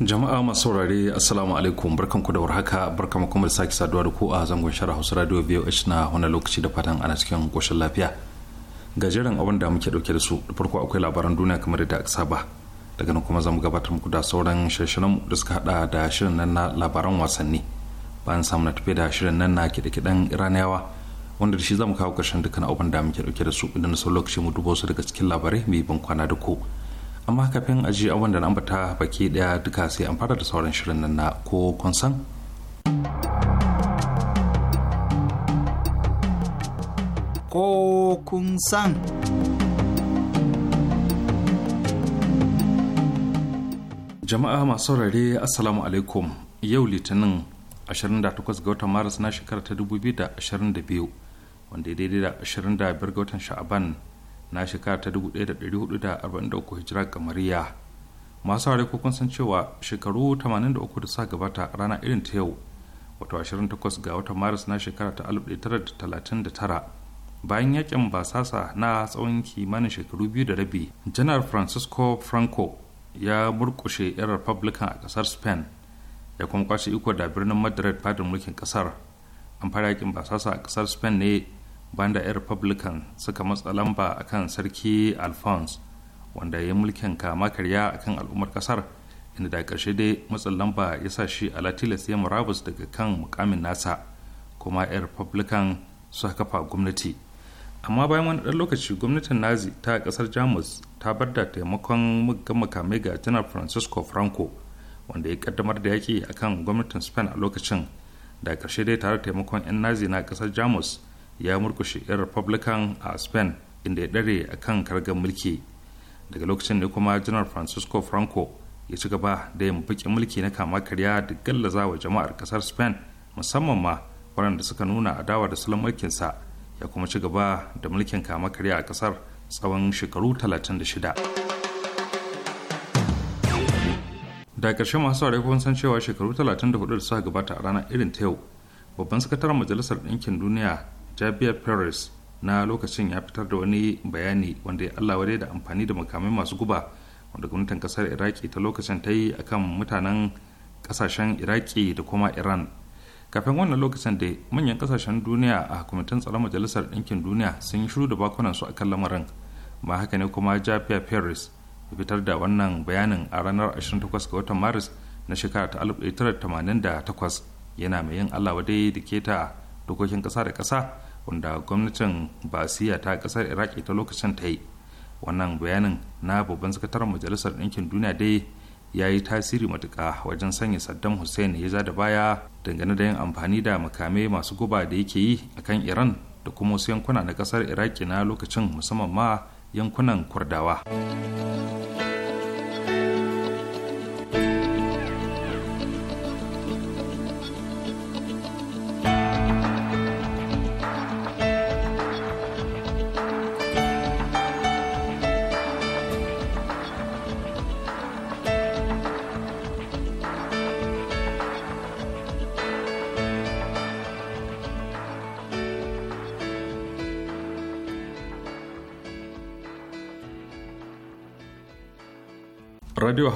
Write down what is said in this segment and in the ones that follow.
jama'a masu saurare assalamu alaikum ku da warhaka ma kuma da sake saduwa da ku a zangon shara hausa radio voh na wani lokaci da fatan ana cikin koshin lafiya gajeren abin da muke dauke da su da farko akwai labaran duniya kamar da aka saba daga nan kuma zamu gabatar muku da sauran mu da suka hada da shirin nan na labaran wasanni bayan samu na tafi da shirin nan na kiɗe kidan iraniyawa wanda da shi zamu kawo karshen dukkan abin da muke dauke da su idan na lokaci mu dubo su daga cikin labarai mai ban kwana da ku. amma kafin a ji abin da na ambata baki daya duka sai an fara da sauran shirin nan na ko kun san ko kun san jama'a masu saurare assalamu alaikum yau litinin 28 ga watan maris na shekara ta 2022 wanda daidai da 25 ga watan sha'aban na shekara ta 1443 hijira kamariya masu haure ko kun san cewa shekaru 83 da sa gabata rana irin ta yau wato 28 ga watan maris na shekara ta 1939 bayan yakin basasa na tsawon kimanin shekaru biyu da rabi janar francisco franco ya murkushe 'yan republican a kasar spain ya kuma kwashe iko da birnin madrid fadin mulkin kasar an fara yakin basasa a kasar spain ne bayan da 'yan republican suka matsa lamba a kan sarki alphonse wanda ya mulkin kama karya akan al'ummar kasar inda da ƙarshe dai matsin lamba ya sa shi a latiles ya murabus daga kan mukamin nasa kuma 'yan republican suka kafa gwamnati amma bayan wani ɗan lokaci gwamnatin nazi ta kasar jamus ta bar da taimakon muggan makamai ga janar francisco franco wanda ya kaddamar da yaƙi akan gwamnatin spain a lokacin da ƙarshe dai tare da taimakon 'yan nazi na ƙasar jamus ya murkushe 'yan republican a spain inda ya dare a kan kargar mulki daga lokacin ne kuma janar francisco franco ya ci gaba da yin baƙin mulki na kama karya da gallaza wa jama'ar kasar spain musamman ma waɗanda suka nuna adawa da salon mulkinsa ya kuma ci gaba da mulkin kama karya a kasar tsawon shekaru 36 da ƙarshe masu saurari kuma san cewa shekaru 34 da suka gabata a ranar irin ta yau babban sakataren majalisar ɗinkin duniya jabiya paris na lokacin ya fitar da wani bayani wanda ya allah wadai da amfani da makamai masu guba wanda gwamnatin kasar iraki ta lokacin ta yi akan mutanen kasashen iraki da kuma iran kafin wannan lokacin da manyan kasashen duniya a kwamitin tsaron majalisar ɗinkin duniya sun yi shiru da bakunan su akan lamarin ba haka ne kuma jafia paris ya fitar da wannan bayanin a ranar 28 ga watan maris na shekara ta 1988 yana mai yin allah wadai da keta dokokin ƙasa da ƙasa wanda gwamnatin basiya ta kasar iraki ta lokacin ta yi wannan bayanin na babban sakataren majalisar ɗinkin duniya dai ya yi tasiri matuka wajen sanya saddam hussein ya za da baya dangane da yin amfani da makamai masu guba da yake yi a kan iran da kuma wasu yankuna na kasar iraki na lokacin musamman ma yankunan kurdawa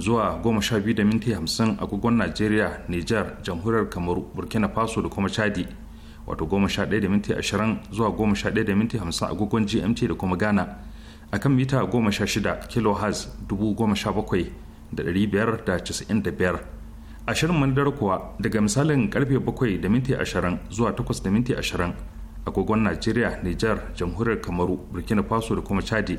zuwa goma sha biyu da agogon najeriya nijar jamhuriyar kamaru burkina faso da kuma chadi wato goma sha ɗaya da minti zuwa goma sha ɗaya agogon gmt da kuma ghana akan mita goma sha shida kilohertz dubu goma sha bakwai da biyar da da biyar ashirin mandar kuwa daga misalin karfe bakwai da minti ashirin zuwa takwas da minti ashirin agogon najeriya nijar jamhuriyar kamaru burkina faso da kuma chadi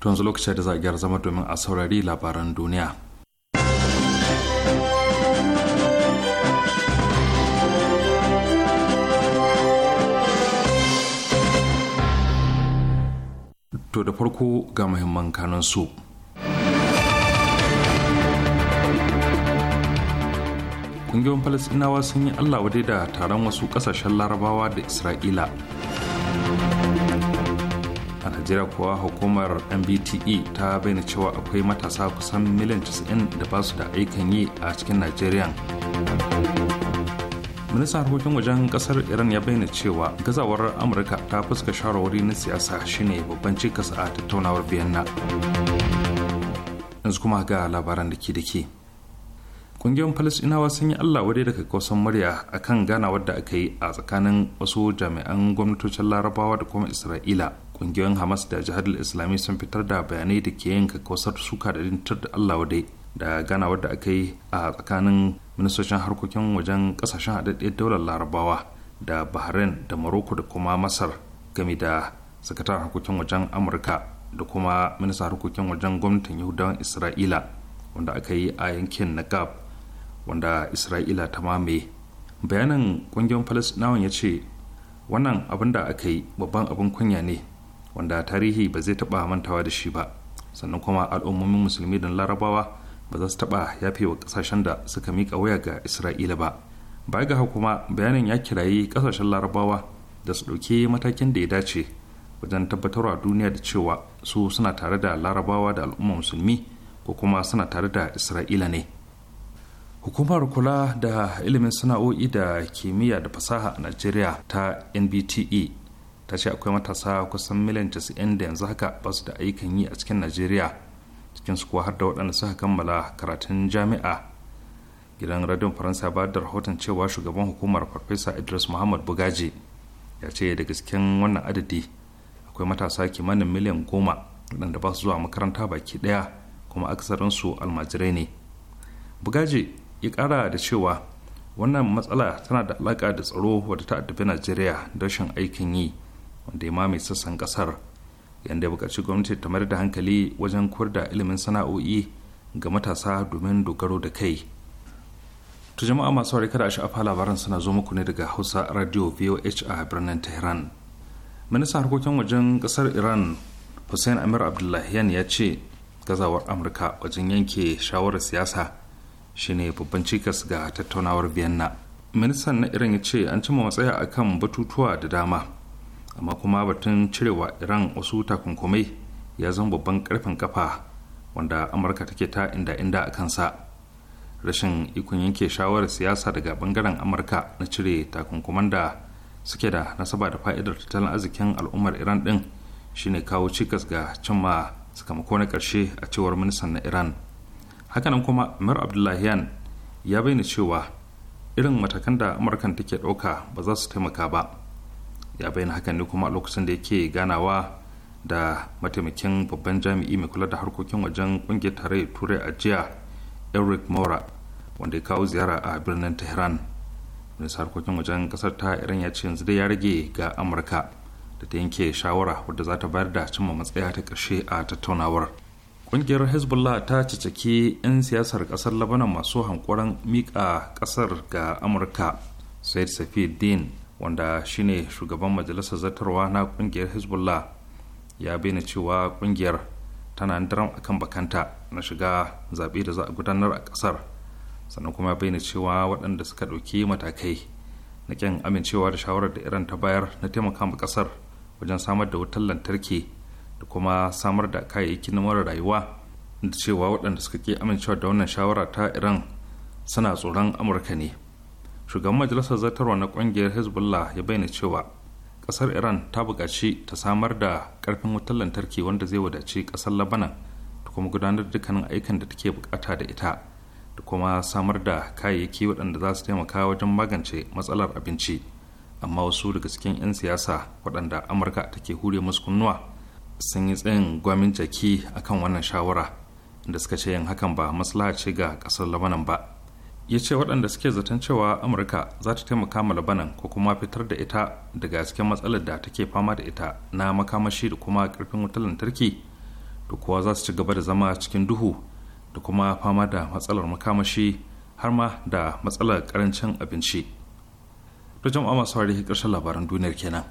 to yanzu lokacin da za a gyara zama domin a saurari labaran duniya to da farko ga muhimman kanan su ƙungiyoyin Falasɗinawa sun yi allah wadai da taron wasu ƙasashen larabawa da isra'ila najeriya kuwa hukumar mbte ta bayyana cewa akwai matasa kusan miliyan 90 da ba su da aikin yi a cikin najeriya ministan harkokin wajen kasar iran ya bayyana cewa gazawar amurka ta fuska shawarwari na siyasa shine babban cikas a tattaunawar biyanna yanzu kuma ga labaran da ke da ke falasinawa sun yi allah wadai daga kawasan murya akan ganawar da aka yi a tsakanin wasu jami'an gwamnatocin larabawa da kuma isra'ila kungiyoyin hamas da jihar islami sun fitar da bayanai da ke yin kakkausar suka da dintar da allah wadai da gana wadda aka yi a tsakanin ministocin harkokin wajen kasashen haɗaɗɗiyar daular larabawa da bahrain da maroko da kuma masar game da sakataren harkokin wajen amurka da kuma ministan harkokin wajen gwamnatin yahudawan isra'ila wanda aka yi a yankin nagab wanda isra'ila ta mamaye bayanin ƙungiyar nawan ya ce wannan abin da aka yi babban abin kunya ne wanda tarihi ba zai taɓa mantawa da shi ba sannan kuma al'ummomin musulmi da larabawa ba za su taɓa yafe wa ƙasashen da suka mika waya ga isra'ila ba baya ga kuma bayanin ya kirayi ƙasashen larabawa da su ɗauki matakin da ya dace wajen tabbatarwa duniya da cewa su suna tare da larabawa da al'umma musulmi ko kuma suna tare da isra'ila ne hukumar kula da ilimin sana'o'i da kimiyya da fasaha a najeriya ta nbte ta ce akwai matasa kusan miliyan casa'in da yanzu haka ba su da aikin yi a cikin najeriya cikinsu kuwa har da waɗanda suka kammala karatun jami'a gidan radion faransa ba da rahoton cewa shugaban hukumar farfesa idris muhammad bugaji ya ce da gasken wannan adadi akwai matasa kimanin miliyan goma waɗanda ba su zuwa makaranta baki ɗaya kuma aksarinsu almajirai ne bugaji ya ƙara da cewa wannan matsala tana da alaƙa da tsaro wadda ta addabi najeriya da rashin aikin yi wanda ya mamaye sassan kasar yadda ya buƙaci gwamnati ta mayar da hankali wajen koyar da ilimin sana'o'i ga matasa domin dogaro da kai to jama'a masu kada a sha'afa labaran suna zo muku ne daga hausa radio voh a birnin tehran ministan harkokin wajen kasar iran hussein amir Abdullahiyan ya ce gazawar amurka wajen yanke shawarar siyasa shine babban cikas ga tattaunawar vienna ministan na iran ya ce an cimma matsaya akan batutuwa da dama amma kuma batun cirewa iran wasu takunkumai ya zama babban karfin kafa wanda amurka take ta inda inda a kansa rashin ikon yanke shawarar siyasa daga bangaren amurka na cire takunkuman da suke da nasaba da fa'idar tattalin arzikin al'ummar iran din shine kawo cikas ga cimma sakamako na karshe a cewar ministan na iran hakanan kuma amir abdullahian ya bayyana cewa irin matakan da amurkan take ɗauka ba za su taimaka ba ya bayyana hakan ne kuma a lokacin da yake ganawa da mataimakin babban jami'i mai kula da harkokin wajen kungiyar tarayyar turai a jiya eric mora wanda ya kawo ziyara a birnin tehran minista harkokin wajen kasar ta iran ya ce yanzu dai ya rage ga amurka da ta yanke shawara wadda za ta bayar da cimma matsaya ta ƙarshe a tattaunawar kungiyar hezbollah ta cicaki 'yan siyasar kasar labanan masu hankoran mika kasar ga amurka said safi din wanda shine shugaban majalisar zartarwa na kungiyar hezbollah ya bayyana cewa kungiyar tana daram akan bakanta na shiga zaɓe da za a gudanar a ƙasar sannan kuma ya bayyana cewa waɗanda suka ɗauki matakai na ƙin amincewa da shawarar da iran ta bayar na taimaka ma ƙasar wajen samar da wutar lantarki da kuma samar da kayayyakin na mara rayuwa da cewa waɗanda suka ƙi amincewa da wannan shawara ta iran suna tsoron amurka ne shugaban majalisar zartarwa na kungiyar hezbollah ya bayyana cewa kasar iran ta bukaci ta samar da karfin wutar lantarki wanda zai wadaci kasar labanan da kuma gudanar dukkanin aikin da take bukata da ita da kuma samar da kayayyaki waɗanda za su taimaka wajen magance matsalar abinci amma wasu daga cikin 'yan siyasa waɗanda amurka take hure musu kunnuwa sun yi tsayin gwamin jaki akan wannan shawara da suka ce yin hakan ba maslaha ce ga kasar labanan ba ya ce waɗanda suke zaton cewa amurka za ta taimaka ma labanan ko kuma fitar da ita daga cikin matsalar da take fama da ita na makamashi da kuma ƙarfin wutar lantarki da kuwa za su ci gaba da zama cikin duhu da kuma fama da matsalar makamashi har ma da matsalar ƙarancin abinci. Da jama'a masu hari ƙarshen labaran duniyar kenan.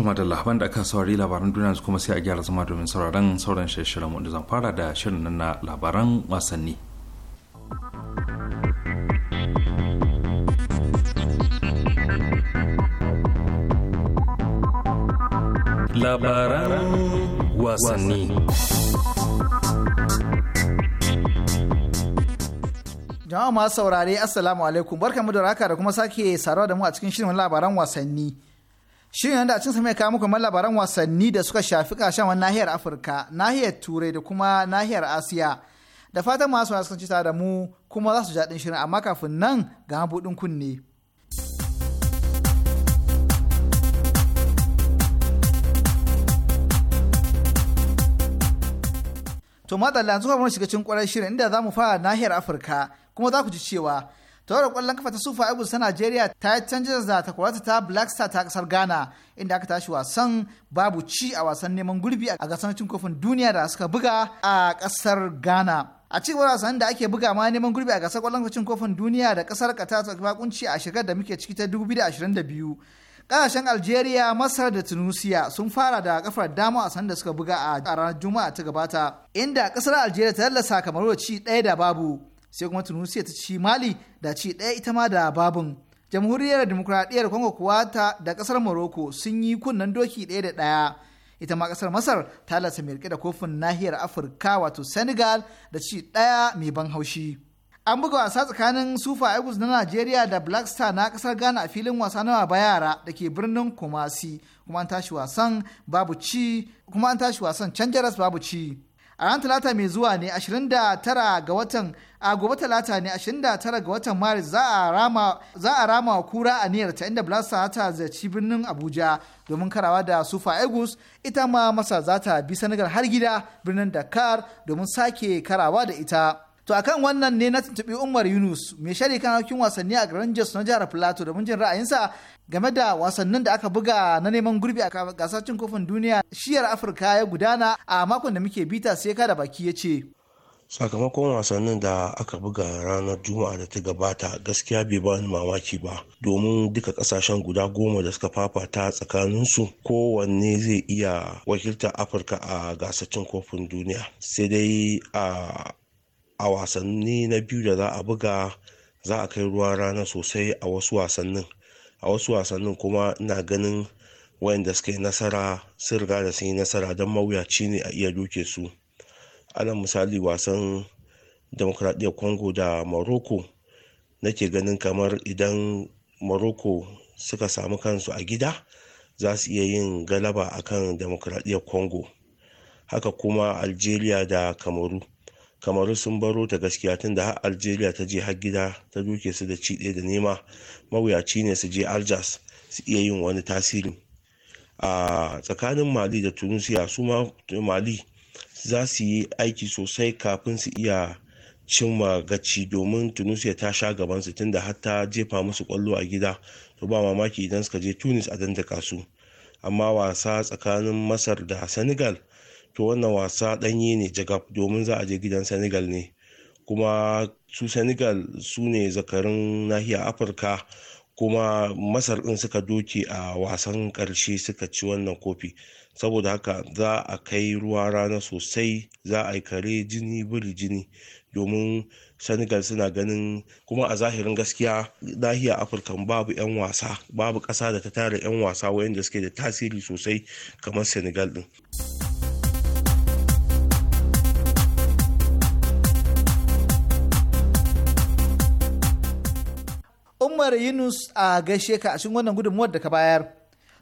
To da labaran da aka saurari labaran duniya kuma sai a gyara zama domin sauraron sauran shirin wanda zan fara da shirin nan na labaran wasanni. Labaran wasanni. Jama'a masu saurare, Assalamu alaikum, barkamu da raka da kuma sake saruwa da mu a cikin shirin labaran wasanni. Shirin yanda a cin sa mai kawo muku labaran wasanni da suka shafi wani nahiyar Afirka, nahiyar Turai da kuma nahiyar Asiya. Da fatan masu wani kasance tare da mu kuma za su jaɗin shirin amma kafin nan ga mabuɗin kunne. To madalla yanzu kuma shiga cikin kwarar shirin inda za mu fara nahiyar Afirka kuma za ku ji cewa Tawar kwallon kafa ta Sufa Eagles ta Najeriya ta yi canjin da ta kwarata ta Black Star ta kasar Ghana inda aka tashi wasan babu ci a wasan neman gurbi a gasar cin kofin duniya da suka buga a kasar Ghana. A cikin wasan da ake buga ma neman gurbi a gasar kwallon cin kofin duniya da kasar ka ta kunci a shekarar da muke ciki ta 2022. kasashen algeria masar da tunisia sun fara da kafar dama a sanda suka buga a ranar juma'a ta gabata inda kasar algeria ta lalasa kamaru ci ɗaya da babu sai kuma tunisia ta ci mali da ci ɗaya ita ma da babin jamhuriyar demokuraɗiyyar congo kuwa ta da ƙasar morocco sun yi kunnen doki ɗaya da ɗaya ita ma ƙasar masar ta lasa mai da kofin nahiyar afirka wato senegal da ci ɗaya mai ban haushi an buga wasa tsakanin sufa eagles na nigeria da black star na kasar ghana a filin wasa na yara da ke birnin kumasi kuma an tashi wasan babu ci kuma an tashi wasan canjaras babu ci a ran talata mai zuwa ne 29 ga watan a gobe talata ne 29 ga watan maris za a rama wa kura a niyyar ta inda blasta ta zaci birnin abuja domin karawa da sufa egus ita ma masa za ta bi sanigar har gida birnin dakar domin sake karawa da ita to akan wannan ne na tuntuɓi umar yunus mai shari kan harkokin wasanni a garin jos na jihar plateau domin jin ra'ayinsa game da wasannin da aka buga na neman gurbi a gasar cin kofin duniya shiyar afirka ya gudana a makon da muke bita sai kada baki ya ce sakamakon wasannin da aka buga ranar juma'a da ta gabata gaskiya bai bani mamaki ba domin duka kasashen guda goma da suka fafata tsakaninsu kowanne zai iya wakiltar afirka a cin kofin duniya sai dai a wasanni na biyu da za a buga za a kai ruwa rana sosai a wasu wasannin a wasu wasannin kuma ina ganin wayanda suka yi nasara sun riga da sun yi nasara don mawuyaci ne a iya duke su alal misali wasan demokradiyyar congo da morocco nake ganin kamar idan morocco suka samu kansu a gida za su iya yin galaba akan demokradiyyar congo haka kuma algeria da kamaru kamaru sun baro ta gaskiya tun da har algeria ta je har gida ta duke su da ci ɗaya da nema mawuyaci ne su je aljas su iya yin wani tasiri a tsakanin mali da tunisia su ma mali za su yi aiki sosai kafin su iya cimma gaci domin tunisia ta sha gabansu tun da har ta jefa musu kwallo a gida to ba mamaki idan suka je tunis a dandaka su amma wasa tsakanin masar da senegal to wannan wasa ɗanye ne jagab domin za a je gidan senegal ne kuma su senegal su ne zakarin nahiyar afirka kuma masar ɗin suka doke a wasan ƙarshe suka ci wannan kofi saboda haka za a kai ruwa rana sosai za a yi kare jini biri jini domin senegal suna ganin kuma a zahirin gaskiya nahiyar afirka babu 'yan wasa babu ƙasa da ta tara 'yan wasa wayanda suke da tasiri sosai kamar senegal ɗin. Umar Yunus a gaishe ka a cikin wannan gudunmuwar da ka bayar.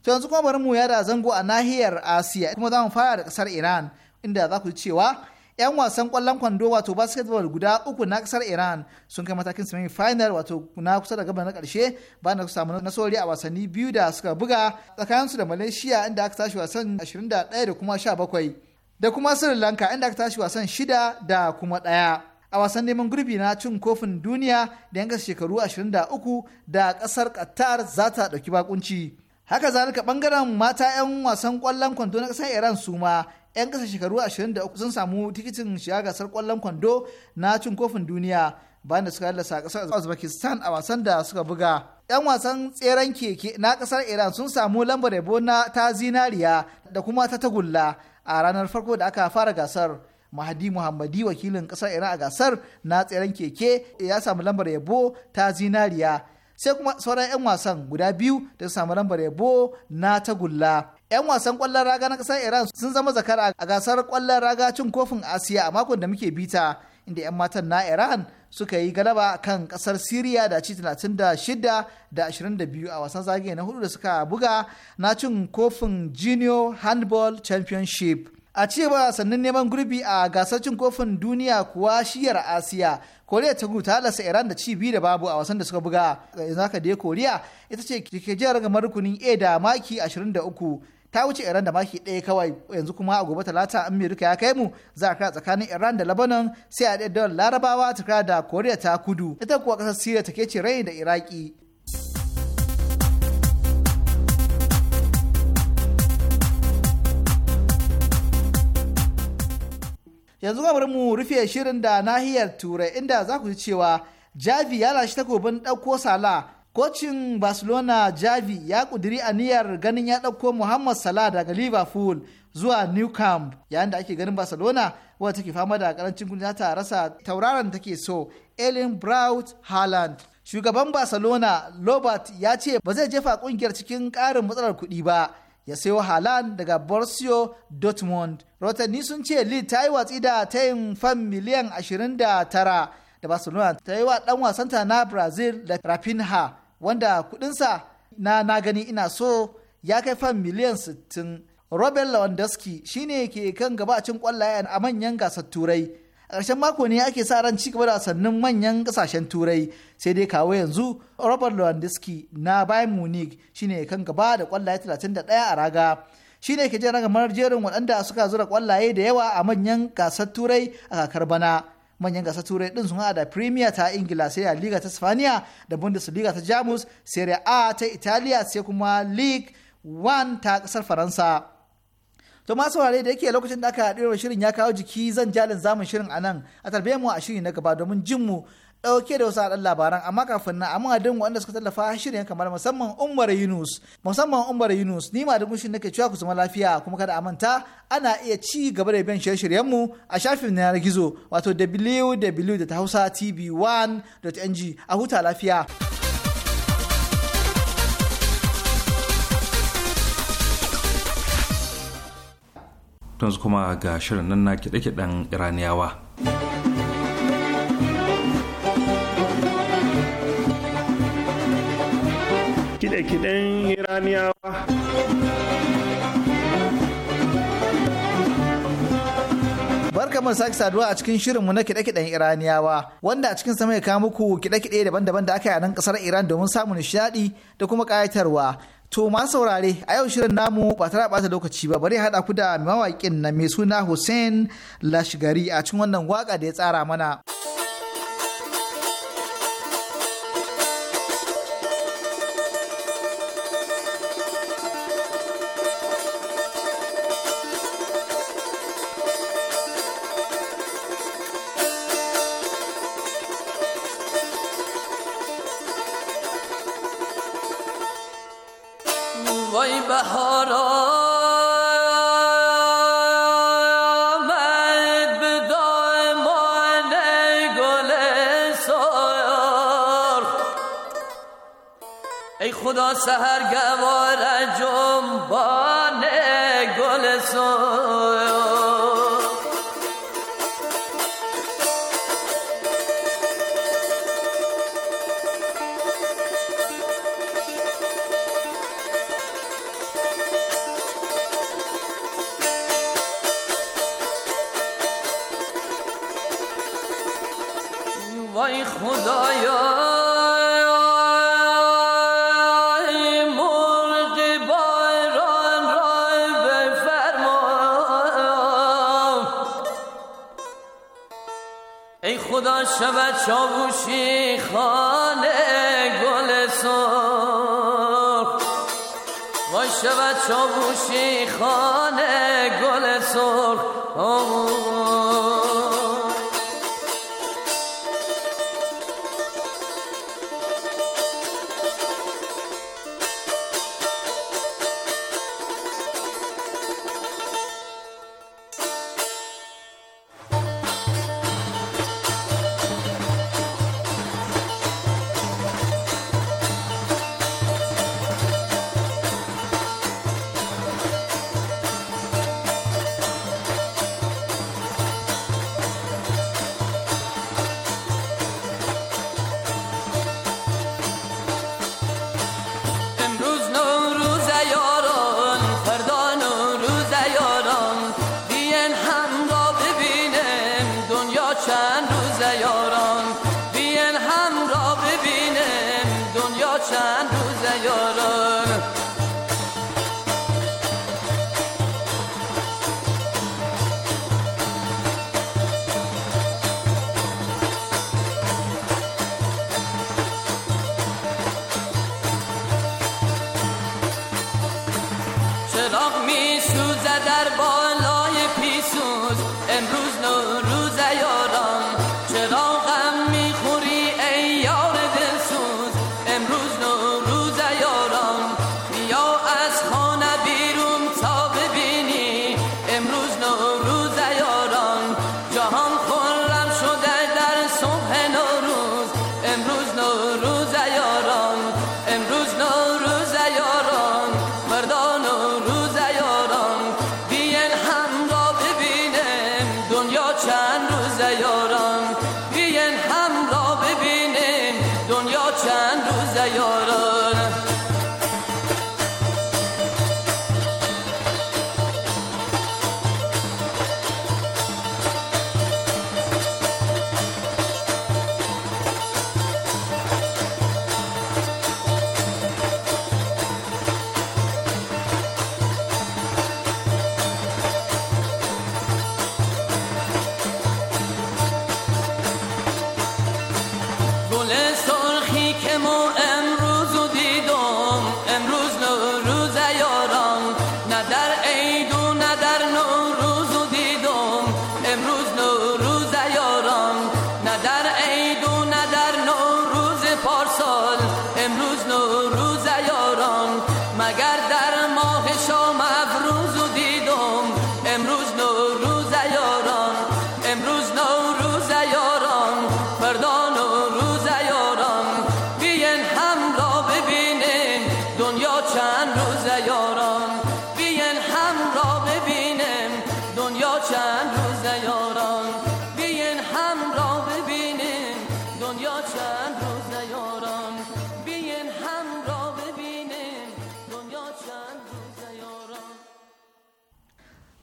To yanzu kuma bari mu yada zango a nahiyar Asiya kuma za mu fara da kasar Iran inda za ku ji cewa 'yan wasan kwallon kwando wato basketball guda uku na kasar Iran sun kai matakin semi final wato na kusa da gaba na karshe ba na samu nasarori a wasanni biyu da suka buga tsakaninsu da Malaysia inda aka tashi wasan 21 da kuma 17 da kuma Sri Lanka inda aka tashi wasan 6 da kuma 1. a wasan neman gurbi na cin kofin duniya da yanga shekaru 23 da kasar qatar za ta ɗauki bakunci haka zalika bangaren mata 'yan wasan kwallon kwando na kasar iran su ma 'yan kasa shekaru 23 sun samu tikitin shiga gasar kwallon kwando na cin kofin duniya bayan da suka a kasar uzbekistan a wasan da suka buga 'yan wasan tseren keke na kasar iran sun samu lambar yabo na ta zinariya da kuma ta tagulla a ranar farko da aka fara gasar mahadi muhammadi wakilin kasar iran a gasar na tseren keke ya samu lambar yabo ta zinariya sai kuma sauran 'yan wasan guda biyu da su samu lambar yabo na tagulla 'yan wasan kwallon raga na kasar iran sun zama zakara a gasar kwallon raga cin kofin asiya a makon da muke bita inda 'yan matan na iran suka yi galaba kan kasar Siriya da ci 36 da 22 a wasan zagaye na hudu da suka buga na cin kofin Junior Handball Championship. a cewa sannan neman gurbi a gasar cin kofin duniya kuwa shiyar asiya koriya ta gudu ta halasta iran da ci biyu da babu a wasan da suka buga yanzu haka dai koriya ita ce ke jiyar gamar rukunin a da maki 23 ta wuce iran da maki ɗaya kawai yanzu kuma a gobe talata amerika ya kai mu za a tsakanin iran da labanon sai a ɗaya larabawa ta da koriya ta kudu ita kuwa ƙasar siriya take ce rai da iraki yanzu ga mu rufe shirin da nahiyar turai inda za ku ji cewa javi ya lashe takobin ɗauko sala kocin barcelona javi ya ƙudiri niyyar ganin ya ɗauko muhammad salah daga liverpool zuwa new camp yayin da ake ganin barcelona wadda take fama da karancin kudi ta rasa tauraron take so elin braut haaland shugaban barcelona lobert ya ce ba zai jefa ƙungiyar cikin ƙarin matsalar kuɗi ba ya sayo halan daga Borussia Dortmund. Rotanni sun ce Lille ta yi watsi da tayin fan miliyan 29 da Barcelona ta yi wa ɗan wasanta na Brazil da Rafinha wanda kuɗinsa na na gani ina so ya kai fan miliyan 60. Robert Lewandowski shine ke kan gaba gabacin kwallaye a manyan gasar Turai. a ƙarshen mako ne ake sa ran cigaba da wasannin manyan ƙasashen turai sai dai kawo yanzu robert lewandowski na bayern munich shine kan gaba da kwallaye 31 a raga shine ke jan ragamar jerin waɗanda suka zura kwallaye da yawa a manyan gasar turai a kakar bana manyan gasar turai din sun hada da premier ta ingila sai a liga ta spaniya da bundesliga ta jamus serie a ta italiya sai kuma league one ta ƙasar faransa To ma saurare da yake lokacin da aka da shirin ya kawo jiki zan jalin zamun shirin anan a tarbe mu a shiri na gaba domin jin mu ɗauke da wasu haɗar labaran amma kafin na amma din waɗanda suka tallafa shirin kamar musamman Umar Yunus musamman Umar Yunus ni ma da gushin nake cewa ku zama lafiya kuma kada a manta ana iya ci gaba da bin shirye-shiryen mu a shafin na gizo wato www.hausatv1.ng a huta lafiya. yanzu kuma ga shirin nan na kiɗe-kiɗen iraniyawa kiɗe-kiɗen iraniyawa barka sake saduwa a cikin shirinmu na kiɗe-kiɗen iraniyawa wanda a cikin sama ya kawo muku kiɗe-kiɗe daban-daban da aka yi a nan ƙasar iran domin samun nishaɗi da kuma ƙayatarwa To ma saurare a yau shirin namu ba tara bata lokaci ba bari haɗa ku da mawaƙin na mai suna Hussein Lashgari a cikin wannan waka da ya tsara mana. چاوشی خانه گل سرخ و شود چاوشی خانه گل سرخ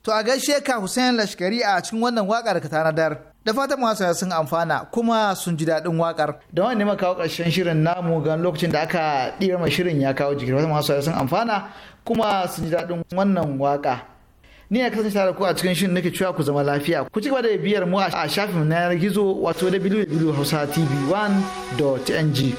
To a gaishe ka Hussein Lashkari a cikin wannan waƙar ka tanadar. Da fatan masu sun amfana kuma sun ji daɗin waƙar. Da wani ne kawo ƙarshen shirin namu gan lokacin da aka ɗira mai shirin ya kawo jiki. Fatan masu sun amfana kuma sun ji daɗin wannan waƙa. Ni a kasance tare ku a cikin shirin nake cewa ku zama lafiya. Ku ci gaba da biyar mu a shafin na gizo wato Hausa www.hausatv1.ng.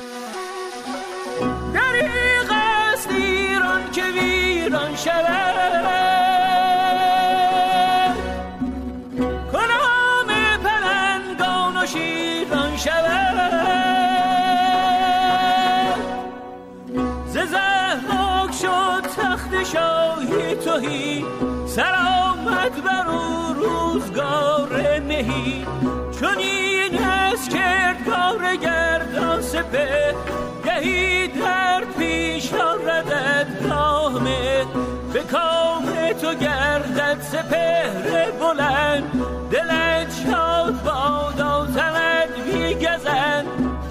ای در پیش آردت نامت به کام تو گردد سپهر بلند دلت شاد باد آتمت بیگزن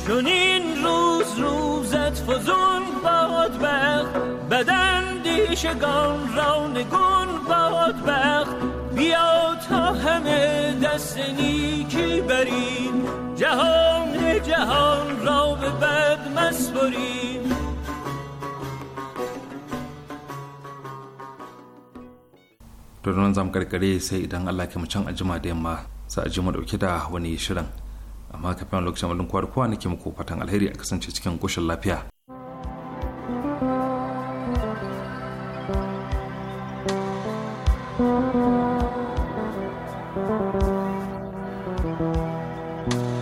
چون این روز روزت فزون باد بخت بدن دیشگان را نگون باد بخت بیا تا همه دست نیکی بریم جهان جهان را به بد مسپریم zamu karkare sai idan Allah ke mu can jima da yamma sai a ji mu dauke da wani shirin amma kafin lokacin kwar kwarkuwa nake muku fatan alheri a kasance cikin goshin lafiya